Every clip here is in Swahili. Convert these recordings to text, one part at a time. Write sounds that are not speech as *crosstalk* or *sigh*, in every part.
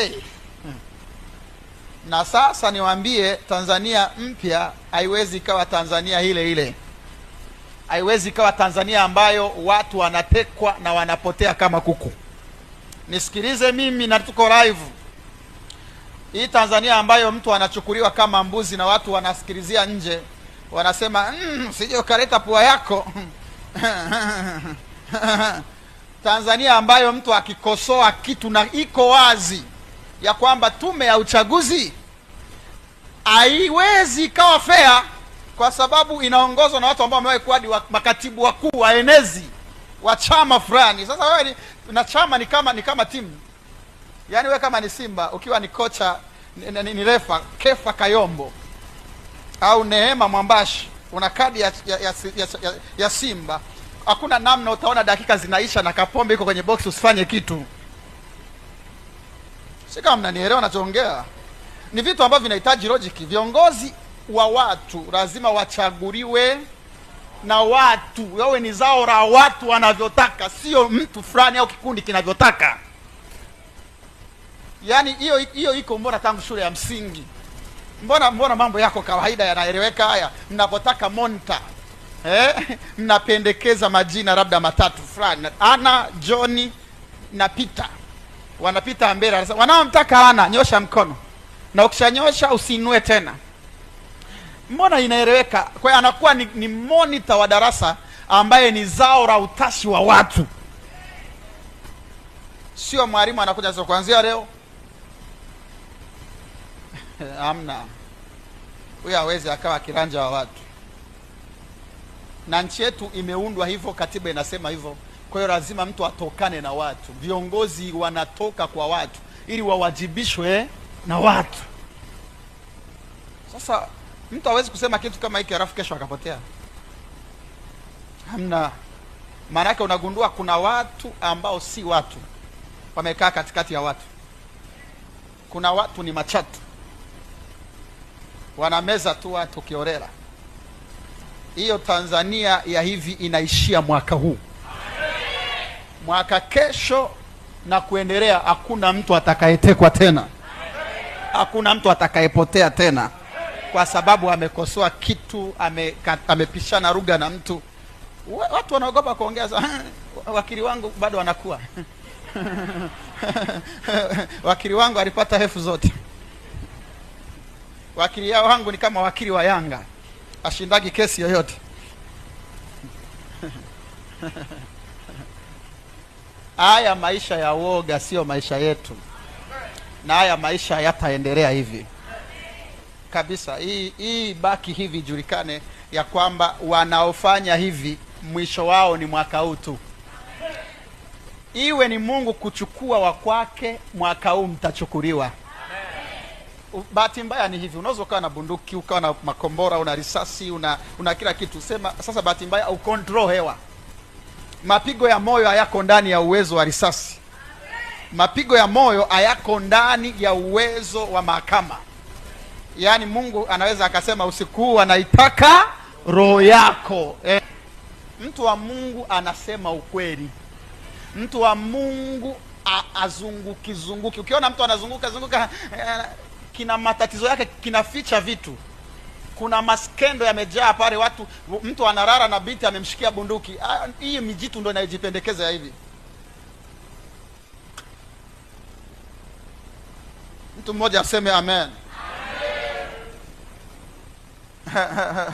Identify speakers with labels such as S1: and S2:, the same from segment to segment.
S1: hey. Na sasa niwaambie, Tanzania mpya haiwezi ikawa Tanzania ile ile, haiwezi ikawa Tanzania ambayo watu wanatekwa na wanapotea kama kuku. Nisikilize mimi, na tuko live hii Tanzania ambayo mtu anachukuliwa kama mbuzi na watu wanasikilizia nje, wanasema mm, sije ukaleta pua yako *laughs* Tanzania ambayo mtu akikosoa kitu na iko wazi ya kwamba tume ya uchaguzi haiwezi ikawa fair kwa sababu inaongozwa na watu ambao wamewahi kuwa wa, makatibu wakuu waenezi wa chama fulani. Sasa wewe ni, na chama ni kama ni kama timu, yaani wewe kama ni Simba ukiwa ni kocha ni, ni, ni refa Kefa Kayombo au Neema Mwambashi una kadi ya, ya, ya, ya, ya, ya Simba, hakuna namna utaona dakika zinaisha na Kapombe iko kwenye box usifanye kitu si kama mnanielewa nachoongea. Ni vitu ambavyo vinahitaji logic. Viongozi wa watu lazima wachaguliwe na watu, wawe ni zao la watu wanavyotaka, sio mtu fulani au kikundi kinavyotaka. Yaani hiyo hiyo iko mbona tangu shule ya msingi. Mbona mbona mambo yako kawaida yanaeleweka haya, mnapotaka monta eh, *laughs* mnapendekeza majina labda matatu fulani, Ana, John na Peter wanapita mbele, anasema wanaomtaka ana, nyosha mkono, na ukishanyosha usinue tena. Mbona inaeleweka? Kwa hiyo anakuwa ni, ni monitor wa darasa ambaye ni zao la utashi wa watu, sio mwalimu anakuja sasa, kuanzia leo *laughs* amna huyo hawezi akawa kiranja wa watu, na nchi yetu imeundwa hivyo, katiba inasema hivyo. Kwa hiyo lazima mtu atokane na watu. Viongozi wanatoka kwa watu ili wawajibishwe na watu. Sasa mtu hawezi kusema kitu kama hiki halafu kesho akapotea, hamna maana Unagundua kuna watu ambao si watu, wamekaa katikati ya watu. Kuna watu ni machatu, wanameza tu watu kiorela Hiyo Tanzania ya hivi inaishia mwaka huu mwaka kesho na kuendelea, hakuna mtu atakayetekwa tena, hakuna mtu atakayepotea tena, kwa sababu amekosoa kitu, amepishana lugha na mtu. Watu wanaogopa kuongea. Ah, wakili wangu bado wanakuwa *laughs* wakili wangu alipata hefu zote. Wakili wangu ni kama wakili wa Yanga, ashindagi kesi yoyote *laughs* haya maisha ya woga sio maisha yetu, na haya maisha yataendelea hivi kabisa. Hii hii baki hivi, ijulikane ya kwamba wanaofanya hivi mwisho wao ni mwaka huu tu, iwe ni Mungu kuchukua wa kwake, mwaka huu mtachukuliwa. Bahati mbaya ni hivi, unaweza ukawa na bunduki, ukawa na makombora, una risasi, una, una kila kitu. Sema sasa, bahati mbaya ukontrol hewa Mapigo ya moyo hayako ndani ya uwezo wa risasi. Mapigo ya moyo hayako ndani ya uwezo wa mahakama. Yaani Mungu anaweza akasema usiku huu anaitaka roho yako eh. Mtu wa Mungu anasema ukweli. Mtu wa Mungu azungukizunguki. Ukiona mtu anazunguka zunguka, eh, kina matatizo yake, kinaficha vitu kuna maskendo yamejaa pale, watu mtu anarara na binti amemshikia bunduki. Ah, hii mijitu ndo inayojipendekeza hivi. Mtu mmoja aseme amen. *laughs*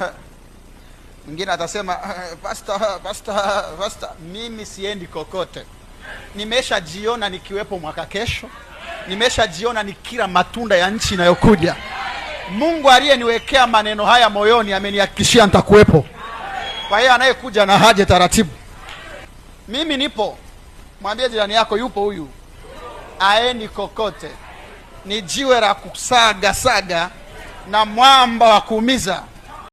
S1: Mwingine atasema pasta, ah, pasta, pasta, mimi siendi kokote, nimeshajiona nikiwepo mwaka kesho, nimeshajiona nikila matunda ya nchi inayokuja. Mungu aliyeniwekea maneno haya moyoni amenihakikishia nitakuwepo. Kwa hiyo anayekuja na haje taratibu, mimi nipo. Mwambie jirani yako, yupo huyu, aeni kokote. Ni jiwe la kusaga saga na mwamba wa kuumiza.